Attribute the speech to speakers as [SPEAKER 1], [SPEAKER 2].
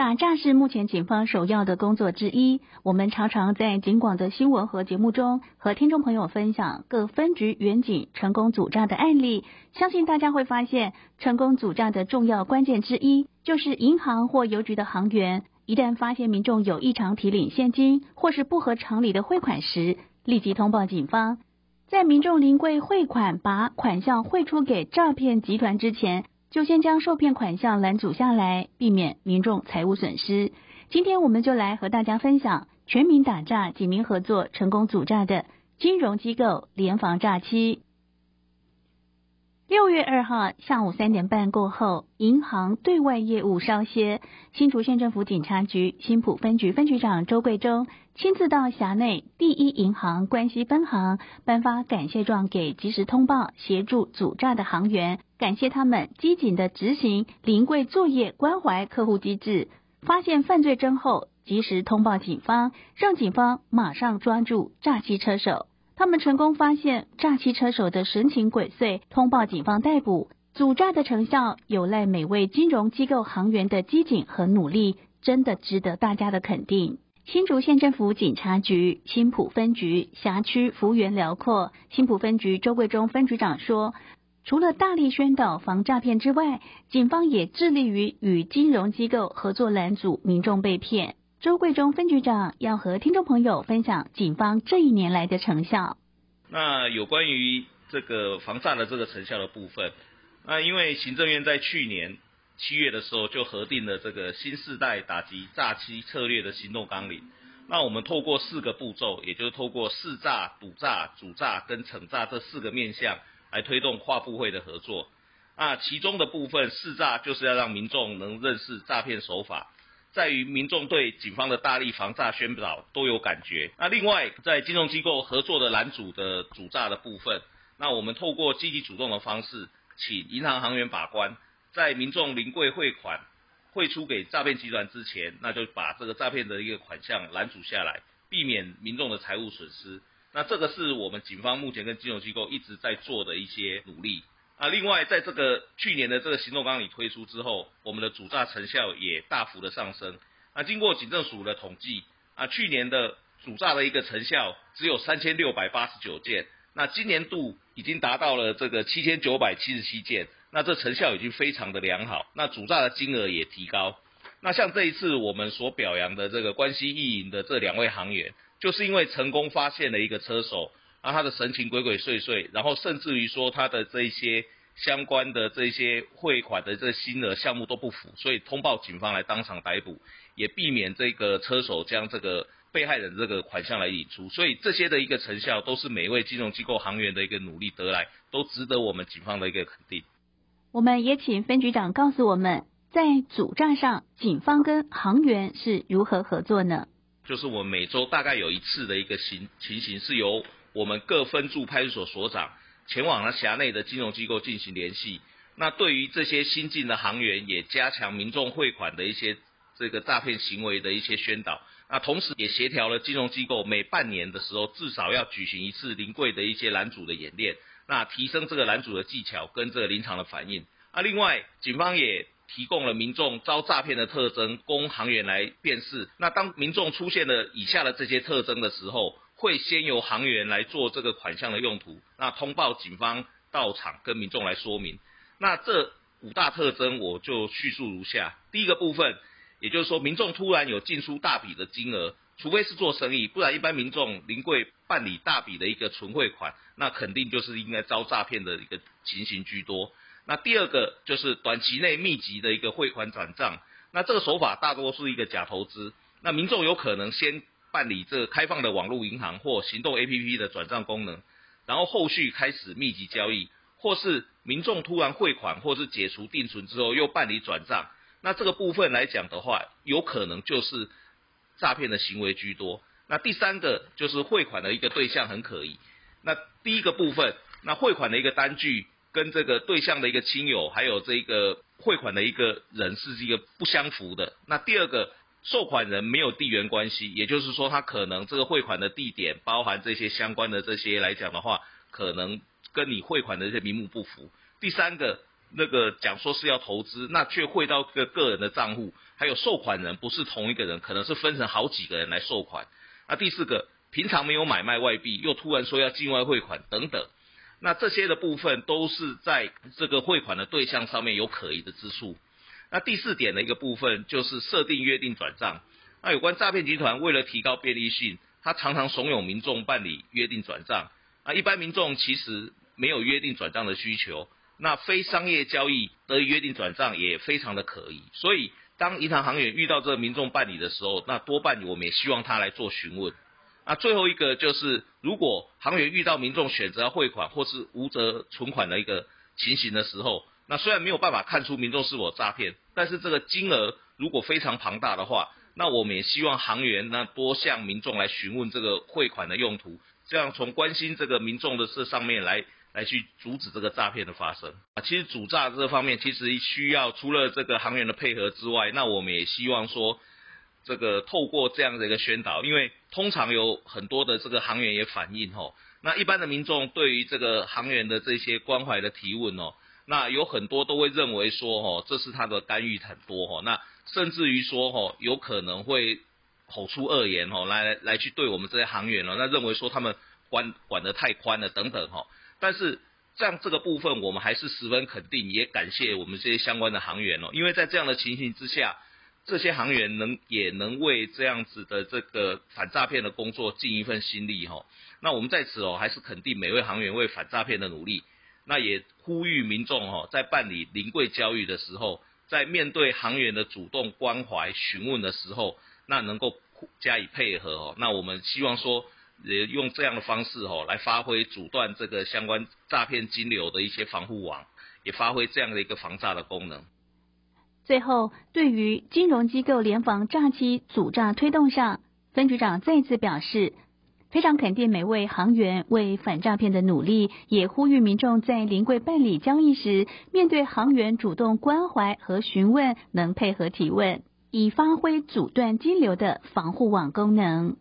[SPEAKER 1] 打詐是目前警方首要的工作之一。我們常常在警廣的新聞和節目中，和聽眾朋友分享各分局員警成功阻詐的案例。相信大家會發現，成功阻詐的重要關鍵之一，就是銀行或郵局的行員，一旦發現民眾有異常提領現金或是不合常理的匯款時，立即通報警方。在民眾臨櫃匯款，把款項匯出給詐騙集團之前。就先將受騙款項攔阻下來，避免民眾財務損失。今天我們就來和大家分享全民打詐、警民合作成功阻詐的金融機構聯防詐欺。六月二號下午三點半過後，銀行對外業務稍歇。新竹縣政府警察局新埔分局分局長周貴忠親自到轄內第一銀行關西分行，頒發感謝狀給及時通報協助阻詐的行員，感謝他們機警地執行臨櫃作業關懷客戶機制，發現犯罪徵後及時通報警方，讓警方馬上抓住詐欺車手。他們成功發現詐欺車手的神情鬼祟，通報警方逮捕。阻詐的成效有賴每位金融機構行員的機警和努力，真的值得大家的肯定。新竹縣政府警察局新埔分局轄區幅員遼闊，新埔分局周貴忠分局長說，除了大力宣導防詐騙之外，警方也致力於與金融機構合作攔阻民眾被騙。周貴忠分局長要和聽眾朋友分享警方這一年來的成效。
[SPEAKER 2] 那有關於這個防詐的這個成效的部分，那因為行政院在去年七月的時候就核定了這個新世代打擊詐欺策略的行動綱領，那我們透過四個步驟，也就是透過識詐、堵詐、阻詐跟懲詐這四個面向來推動跨部會的合作。那其中的部分識詐就是要讓民眾能認識詐騙手法。在於民眾對警方的大力防詐宣導都有感覺。那另外，在金融機構合作的攔阻的阻詐的部分，那我們透過積極主動的方式，請銀行行員把關，在民眾臨櫃匯款匯出給詐騙集團之前，那就把這個詐騙的一個款項攔阻下來，避免民眾的財務損失。那這個是我們警方目前跟金融機構一直在做的一些努力。啊，另外，在這個去年的這個行動綱領推出之後，我們的阻詐成效也大幅的上升。啊，經過警政署的統計，啊，去年的阻詐的一個成效只有三千六百八十九件，那今年度已經達到了這個七千九百七十七件，那這成效已經非常的良好。那阻詐的金額也提高。那像這一次我們所表揚的這個關西意贏的這兩位行員，就是因為成功發現了一個車手。啊，他的神情鬼鬼祟祟，然後甚至於說他的這些相關的這些匯款的這些金額項目都不符，所以通報警方來當場逮捕，也避免這個車手將這個被害人的這個款項來領出。所以這些的一個成效都是每一位金融機構行員的一個努力得來，都值得我們警方的一個肯定。
[SPEAKER 1] 我們也請分局長告訴我們，在阻詐上警方跟行員是如何合作呢？
[SPEAKER 2] 就是我們每周大概有一次的一個行情形是由。我們各分駐派出所所長前往了轄內的金融機構進行聯繫。那對於這些新進的行員，也加強民眾匯款的一些這個詐騙行為的一些宣導。那同時也協調了金融機構每半年的時候至少要舉行一次臨櫃的一些攔阻的演練，那提升這個攔阻的技巧跟這個臨場的反應。那另外，警方也提供了民眾遭詐騙的特徵，供行員來辨識。那當民眾出現了以下的這些特徵的時候，會先由行員來做這個款項的用途，那通報警方到場跟民眾來說明。那這五大特徵我就敘述如下：第一個部分，也就是說民眾突然有進出大筆的金額，除非是做生意，不然一般民眾臨櫃辦理大筆的一個存匯款，那肯定就是應該遭詐騙的一個情形居多。那第二個就是短期內密集的一個匯款轉賬，那這個手法大多是一個假投資，那民眾有可能先。辦理這開放的網絡銀行或行動 APP 的轉賬功能，然後後續開始密集交易，或是民眾突然匯款，或是解除定存之後又辦理轉賬，那這個部分來講的話，有可能就是詐騙的行為居多。那第三個就是匯款的一個對象很可疑。那第一個部分，那匯款的一個單據跟這個對象的一個親友還有這個匯款的一個人是一個不相符的。那第二個。收款人沒有地緣關係，也就是說他可能這個匯款的地點包含這些相關的這些來講的話，可能跟你匯款的這些名目不符。第三個，那個講說是要投資，那卻匯到個個人的賬戶，還有收款人不是同一個人，可能是分成好幾個人來收款。那第四個，平常沒有買賣外幣，又突然說要境外匯款等等，那這些的部分都是在這個匯款的對象上面有可疑的之處。那第四點的一個部分就是設定約定轉賬。那有關詐騙集團為了提高便利性，他常常慫恿民眾辦理約定轉賬。啊，一般民眾其實沒有約定轉賬的需求。那非商業交易得以約定轉賬也非常的可疑。所以當銀行行員遇到這個民眾辦理的時候，那多半我們也希望他來做詢問。啊，最後一個就是如果行員遇到民眾選擇匯款或是無責存款的一個情形的時候。那雖然沒有辦法看出民眾是否詐騙，但是這個金額如果非常龐大的話，那我們也希望行員呢多向民眾來詢問這個匯款的用途，這樣從關心這個民眾的事上面來來去阻止這個詐騙的發生啊。其實阻詐這方面，其實需要除了這個行員的配合之外，那我們也希望說這個透過這樣的一個宣導，因為通常有很多的這個行員也反映吼，那一般的民眾對於這個行員的這些關懷的提問哦。那有很多都會認為說，哦，這是他的干預很多吼，那甚至於說，吼，有可能會口出惡言吼，來來去對我們這些行員了，那認為說他們管管得太寬了等等吼。但是這樣這個部分，我們還是十分肯定，也感謝我們這些相關的行員哦，因為在這樣的情形之下，這些行員能也能為這樣子的這個反詐騙的工作盡一份心力吼。那我們在此哦，還是肯定每位行員為反詐騙的努力。那也呼籲民眾哈，在辦理臨櫃交易的時候，在面對行員的主動關懷詢問的時候，那能夠加以配合哦。那我們希望說，也用這樣的方式哦，來發揮阻斷這個相關詐騙金流的一些防護網，也發揮這樣的一個防詐的功能。
[SPEAKER 1] 最後，對於金融機構聯防詐欺阻詐推動上，分局長再一次表示。非常肯定每位行員為反詐騙的努力，也呼籲民眾在臨櫃辦理交易時，面對行員主動關懷和詢問，能配合提問，以發揮阻斷金流的防護網功能。